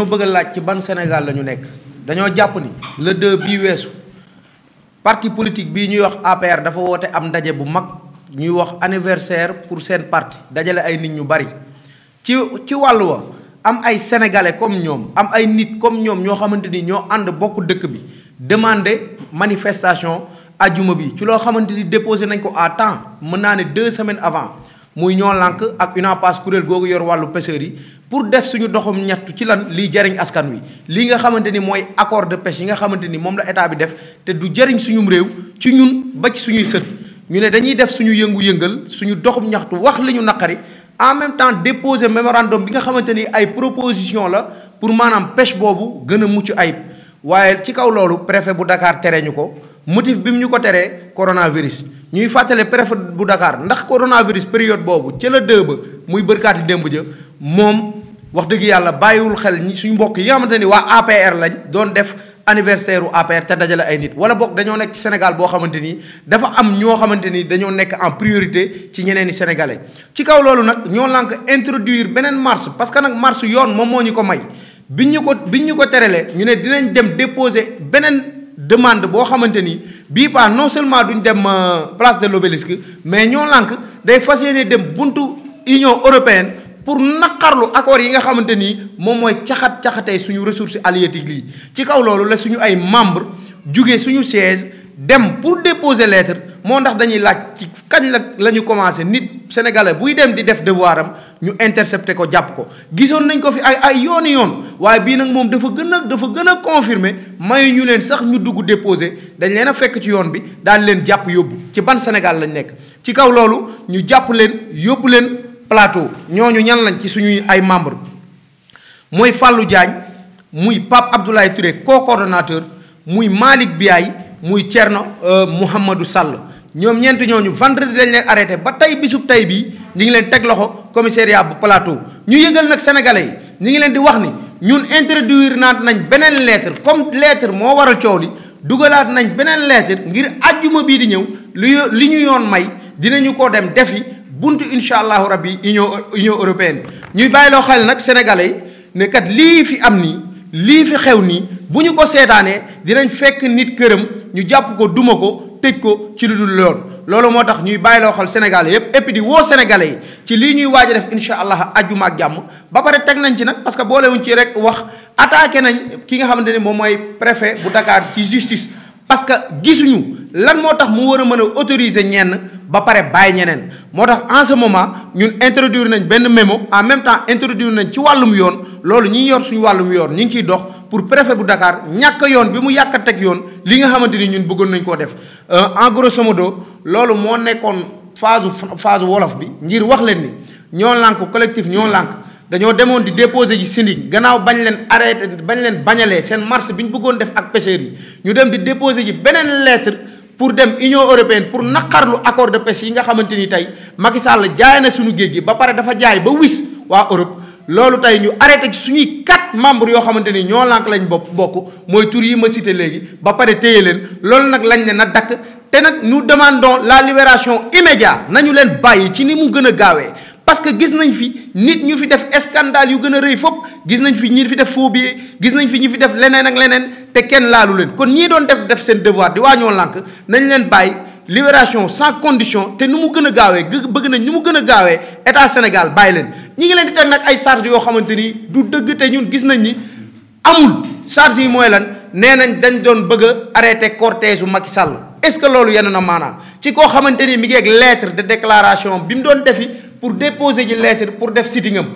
dañoo bëgg a laaj ci ban Sénégal la ñu nekk dañoo jàpp ni le deux bii weesu parti politique bi ñuy wax APR dafa woote am ndaje bu mag ñuy wax anniversaire pour seen parti dajale ay nit ñu bari ci ci wàll wa am ay sénégalais comme ñoom am ay nit comme ñoom ñoo xamante ni ñoo ànd bokk dëkk bi demander manifestation ajuma bi ci loo xamante ni déposé nañ ko à temps mën naa ne deux semaines avant muy ñoo lànk ak UNAPAS kuréel googu yor wàllu pêcheurs yi pour def suñu doxum ñettu ci lan lii jariñ askan wi lii nga xamante ni mooy accord de pêche yi nga xamante ni moom la état bi def te du jëriñ suñum réew ci ñun ba ci suñuy sët ñu ne dañuy def suñu yëngu-yëngal suñu doxum ñaxtu wax li ñu naqari en même temps déposer mémorandum bi nga xamante ni ay proposition la pour maanaam pêche boobu gën a mucc ayib waaye ci kaw loolu préfet bu Dakar tere ñu ko motif bi mu ñu ko teree coronavirus ñuy fàttale préfet bu Dakar ndax coronavirus période boobu ca la dëba muy bërkaati démb ja moom wax dëgg yàlla bàyyiwul xel ñi suñu mbokk yi nga xamante ni waa APR lañ doon def anniversaire u APR te dajale ay nit wala boog dañoo nekk ci Sénégal boo xamante ni dafa am ñoo xamante ni dañoo nekk en priorité ci ñeneen i sénégalais ci kaw loolu nag ñoo lànk introduire beneen marche parce que nag marche yoon moom moo ñu ko may biñ ñu ko biñ ñu ko terele ñu ne dinañ dem déposer beneen demande boo xamante ni bii paa non seulement duñ dem euh, place de l'obélisque mais ñoo lànk day fas dem buntu union européenne pour naqarlu accords yi nga xamante ni moom mooy caxat caxatee suñu ressource halieutique lii. ci kaw loolu la suñu ay membre jóge suñu siège dem pour déposer lettre. moo ndax dañuy laaj ci kañ la lañu ñu commencé nit sénégalais buy dem di def devoir ñu intercepté ko jàpp ko gisoon nañ ko fi ay ay yooni yoon waaye bii nag moom dafa gën a dafa gën a confirmer mayu ñu leen sax ñu dugg déposé dañu leen a fekk ci yoon bi daal leen jàpp yóbbu ci ban Sénégal lañ nekk ci kaw loolu ñu jàpp leen yóbbu leen plateau ñooñu ñan lañ ci suñuy ay membre mooy fàllu Diagne muy Pape Abdoulaye Touré co-coordonnateur muy Malick Biaye muy Thierno euh, Mouhamadou Sall ñoom ñeenti ñeent ñooñu vendredi dañ leen arrêté ba tey bisub tey bii ñu ngi leen teg loxo commissariat bu plateau ñu yëgal nag sénégalais yi ñu ngi leen di wax ni ñun introduire naat nañ beneen lettre comme lettre moo waral coow li dugalaat nañ beneen lettre ngir ajjuma bii di ñëw lu li ñu yoon may dinañu ko dem defi buntu incha allahu rabbi union union européenne ñuy bàyyiloo xel nag sénégalais yi ne lii fi am ni lii fi xew nii bu ñu ko seetaanee dinañ fekk nit këram ñu jàpp ko duma ko tëj ko ci lu dul loon loolu moo tax ñuy bàyyi loo xel Sénégalais yépp et di woo Sénégalais yi ci lii ñuy waaj def incha allah ajjuma ak jàmm ba pare teg nañ ci nag parce que boolewuñ ci rek wax attaqué nañ ki nga xamante ni moom mooy préfet bu Dakar ci justice. parce que gisuñu lan moo tax mu war a mën a autoriser ñenn ba pare bàyyi ñeneen moo tax en moment ñun introduire nañ benn mémo en même temps introduire nañ ci wàllum yoon loolu ñi yor suñu wàllum yoon ñu ngi ciy dox. pour préfet bu Dakar ñàkk yoon bi mu yàkk teg yoon li nga xamante ni ñun bëggoon nañ ko def euh, en grosso modo loolu moo nekkoon phase phase wolof bi ngir wax leen ni ñoo lànk collectif ñoo lànk dañoo demoon di déposé ji syndic gannaaw bañ leen arrêté bañ leen bañalee seen marche bi ñu bëggoon def ak pêcheurs yi ñu dem di déposé ji beneen lettre pour dem Union européenne pour naqarlu accord de pêche yi nga xamante ni tey Macky Sall jaay na suñu géej gi ba pare dafa jaay ba wis quatre membres yoo xamante ni ñoo lànk lañ bopp bokk mooy tur yi ma cité léegi ba pare téye leen loolu nag lañ ne na dakk te nag ñu demandons la libération immédiate nañu leen bàyyi ci ni mu gën a gaawee parce que gis nañ fi nit ñu fi def scandale yu gën a rëy fopp gis nañ fi ñu fi def phobie gis nañ fi ñu fi def leneen ak leneen te kenn laalu leen kon ñii doon def def seen devoir di waa ñoo lànk nañ leen bàyyi libération sans condition te nu mu gën a gaawee bëgg nañ nu mu gën a gaawee état Sénégal bàyyi leen ñi ngi leen di teg nag ay sarge yoo xamante ni du dëgg te ñun gis nañ ni amul charge yi mooy lan nee nañ dañ doon bëgg a arrêté cortège bu Macky Sall est-ce que loolu yenn na maanaa ci koo xamante ni mi ngi ak lettre de déclaration bi mu doon defi pour déposer ji lettre pour def sitting am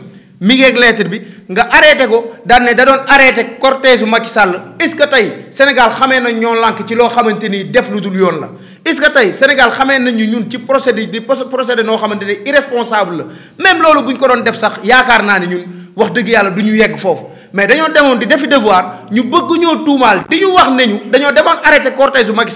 mi ngi ak bi nga arrêté ko daan ne da doon arrêté cortège u Macky Sall est-ce que tey Sénégal xamee nañ ñoo lànk ci loo xamante ni def lu yoon la. est-ce que tey Sénégal xamee nañu ñun ci procédé di procédé noo xamante ne irresponsable la même loolu bu ñu ko doon def sax yaakaar naa ne ñun wax dëgg yàlla du ñu yegg foofu. mais dañoo demoon di defi devoir ñu bëgguñoo ñoo tuumaal di ñu wax ne ñu dañoo demoon arrêté cortège u Macky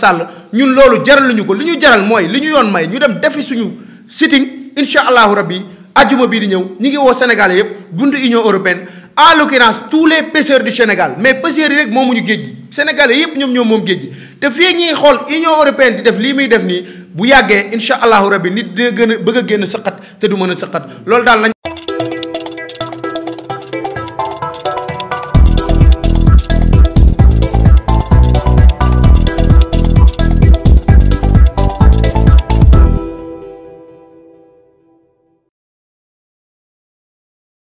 ñun loolu jaraluñu ko li ñu jaral mooy li ñu yoon may ñu dem defi suñu sitting incha allahu rabbi ajuma bii di ñëw ñu ngi woo Sénégalais yëpp buntu Union européenne en l'occurrence tous les pêcheurs du Sénégal mais pêcheurs yi rek moomuñu géej gi Sénégalais yëpp ñoom ñoom moom géej gi te fii ñuy xool Union européenne di def lii muy def nii bu yàggee incha allahu rabbi nit dina gën a bëgg génn saqat te du mën a saqat loolu daal nañ